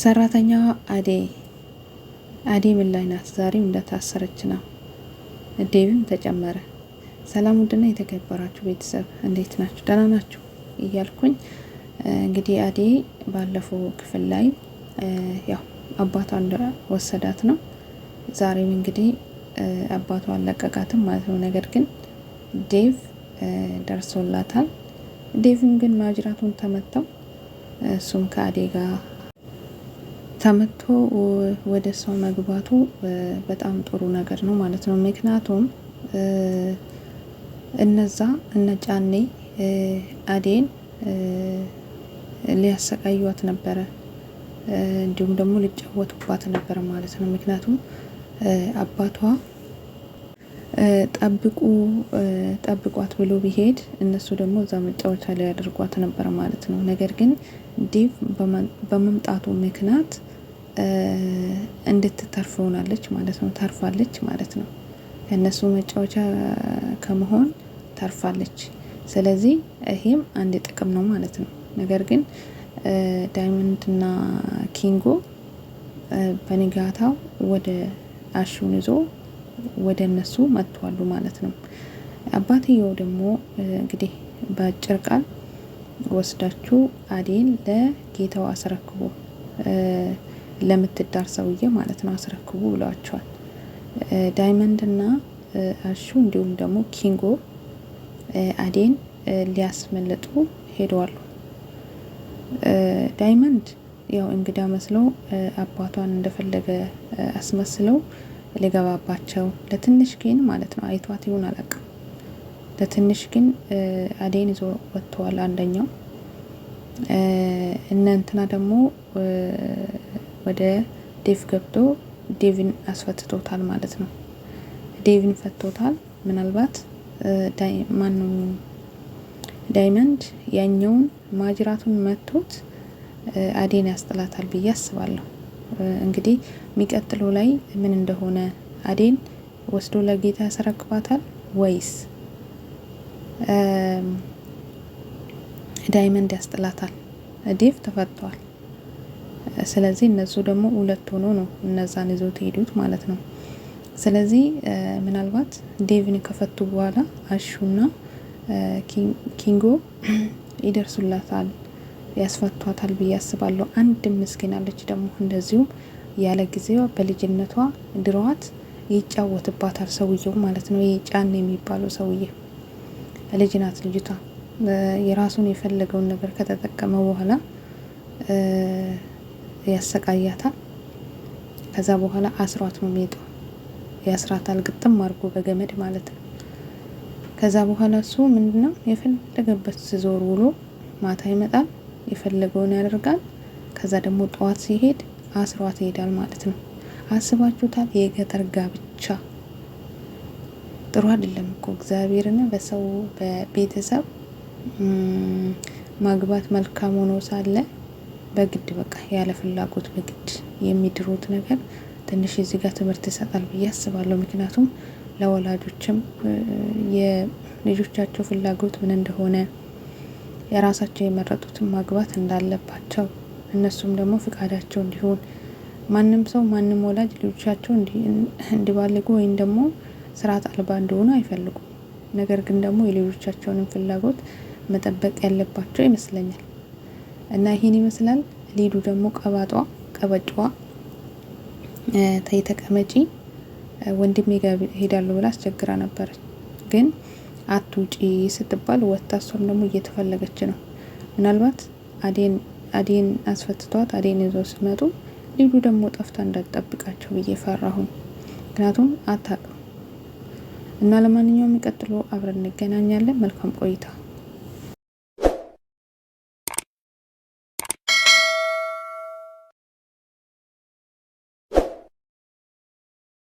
ሰራተኛዋ አዴ አዴ ምን ላይ ናት? ዛሬም እንደታሰረች ነው። ዴብም ተጨመረ። ሰላም ውድና የተከበራችሁ ቤተሰብ እንዴት ናችሁ? ደህና ናችሁ እያልኩኝ እንግዲህ አዴ ባለፈው ክፍል ላይ ያው አባቷ እንደወሰዳት ነው። ዛሬም እንግዲህ አባቷ አለቀቃትም ማለት ነው። ነገር ግን ዴቭ ደርሶላታል። ዴቭም ግን ማጅራቱን ተመተው እሱም ከአዴ ጋር ተመቶ ወደ ሰው መግባቱ በጣም ጥሩ ነገር ነው ማለት ነው። ምክንያቱም እነዛ እነ ጫኔ አዴን ሊያሰቃዩት ነበረ፣ እንዲሁም ደግሞ ሊጫወቱባት ነበረ ማለት ነው። ምክንያቱም አባቷ ጠብቁ ጠብቋት ብሎ ቢሄድ እነሱ ደግሞ እዛ መጫወቻ ላይ ያደርጓት ነበረ ማለት ነው። ነገር ግን ዴቭ በመምጣቱ ምክንያት እንድትተርፍ ሆናለች ማለት ነው። ተርፋለች ማለት ነው። እነሱ መጫወቻ ከመሆን ተርፋለች። ስለዚህ ይሄም አንድ ጥቅም ነው ማለት ነው። ነገር ግን ዳይመንድና ኪንጎ በንጋታው ወደ አሹን ይዞ ወደ እነሱ መጥተዋሉ ማለት ነው። አባትየው ደግሞ እንግዲህ በአጭር ቃል ወስዳችሁ አዴን ለጌታው አስረክቦ ለምትዳር ሰውዬ ማለት ነው አስረክቡ ብለዋቸዋል። ዳይመንድና አሹ እንዲሁም ደግሞ ኪንጎ አዴን ሊያስመልጡ ሄደዋሉ። ዳይመንድ ያው እንግዳ መስለው አባቷን እንደፈለገ አስመስለው ሊገባባቸው ለትንሽ ግን ማለት ነው አይቷት ይሁን አላውቅም። ለትንሽ ግን አዴን ይዞ ወጥተዋል አንደኛው እነ እንትና ደግሞ ወደ ዴቭ ገብቶ ዴቪን አስፈትቶታል ማለት ነው። ዴቪን ፈቶታል። ምናልባት ማነው ዳይመንድ ያኛውን ማጅራቱን መቶት አዴን ያስጥላታል ብዬ አስባለሁ። እንግዲህ የሚቀጥለው ላይ ምን እንደሆነ አዴን ወስዶ ለጌታ ያስረክባታል ወይስ ዳይመንድ ያስጥላታል? ዴቭ ተፈቷል። ስለዚህ እነሱ ደግሞ ሁለት ሆኖ ነው እነዛን ይዘው ሄዱት ማለት ነው። ስለዚህ ምናልባት ዴቪን ከፈቱ በኋላ አሹና ኪንጎ ይደርሱላታል፣ ያስፈቷታል ብዬ አስባለሁ። አንድ ምስኪን አለች ደግሞ እንደዚሁም ያለ ጊዜዋ በልጅነቷ ድሮዋት ይጫወትባታል ሰውየው ማለት ነው። ይህ ጫን የሚባለው ሰውዬ ልጅ ናት ልጅቷ የራሱን የፈለገውን ነገር ከተጠቀመ በኋላ ያሰቃያታል። ከዛ በኋላ አስሯት ነው የሚሄደው። ያስራታል፣ ግጥም አድርጎ በገመድ ማለት ነው። ከዛ በኋላ እሱ ምንድነው የፈለገበት ሲዞር ውሎ ማታ ይመጣል፣ የፈለገውን ያደርጋል። ከዛ ደግሞ ጠዋት ሲሄድ አስሯት ይሄዳል ማለት ነው። አስባችሁታል? የገጠር ጋብቻ ጥሩ አይደለም እኮ እግዚአብሔርን በሰው በቤተሰብ ማግባት መልካም ሆኖ ሳለ በግድ በቃ ያለ ፍላጎት በግድ የሚድሩት ነገር ትንሽ እዚህ ጋር ትምህርት ይሰጣል ብዬ አስባለሁ። ምክንያቱም ለወላጆችም የልጆቻቸው ፍላጎት ምን እንደሆነ የራሳቸው የመረጡትን ማግባት እንዳለባቸው እነሱም ደግሞ ፍቃዳቸው እንዲሆን ማንም ሰው ማንም ወላጅ ልጆቻቸው እንዲባልጉ ወይም ደግሞ ስርዓት አልባ እንደሆኑ አይፈልጉም። ነገር ግን ደግሞ የልጆቻቸውንም ፍላጎት መጠበቅ ያለባቸው ይመስለኛል። እና ይሄን ይመስላል። ሊዱ ደግሞ ቀባጧ ቀበጫዋ ተይተቀመጪ ወንድሜ ጋር ሄዳለሁ ብላ አስቸግራ ነበር ግን አትውጪ ስትባል ወጥታ እሷም ደግሞ እየተፈለገች ነው። ምናልባት አዴን አስፈትቷት አዴን ይዘው ሲመጡ ሊዱ ደግሞ ጠፍታ እንዳትጠብቃቸው ብዬ ፈራሁኝ። ምክንያቱም አታውቅም እና ለማንኛውም የሚቀጥለው አብረን እንገናኛለን። መልካም ቆይታ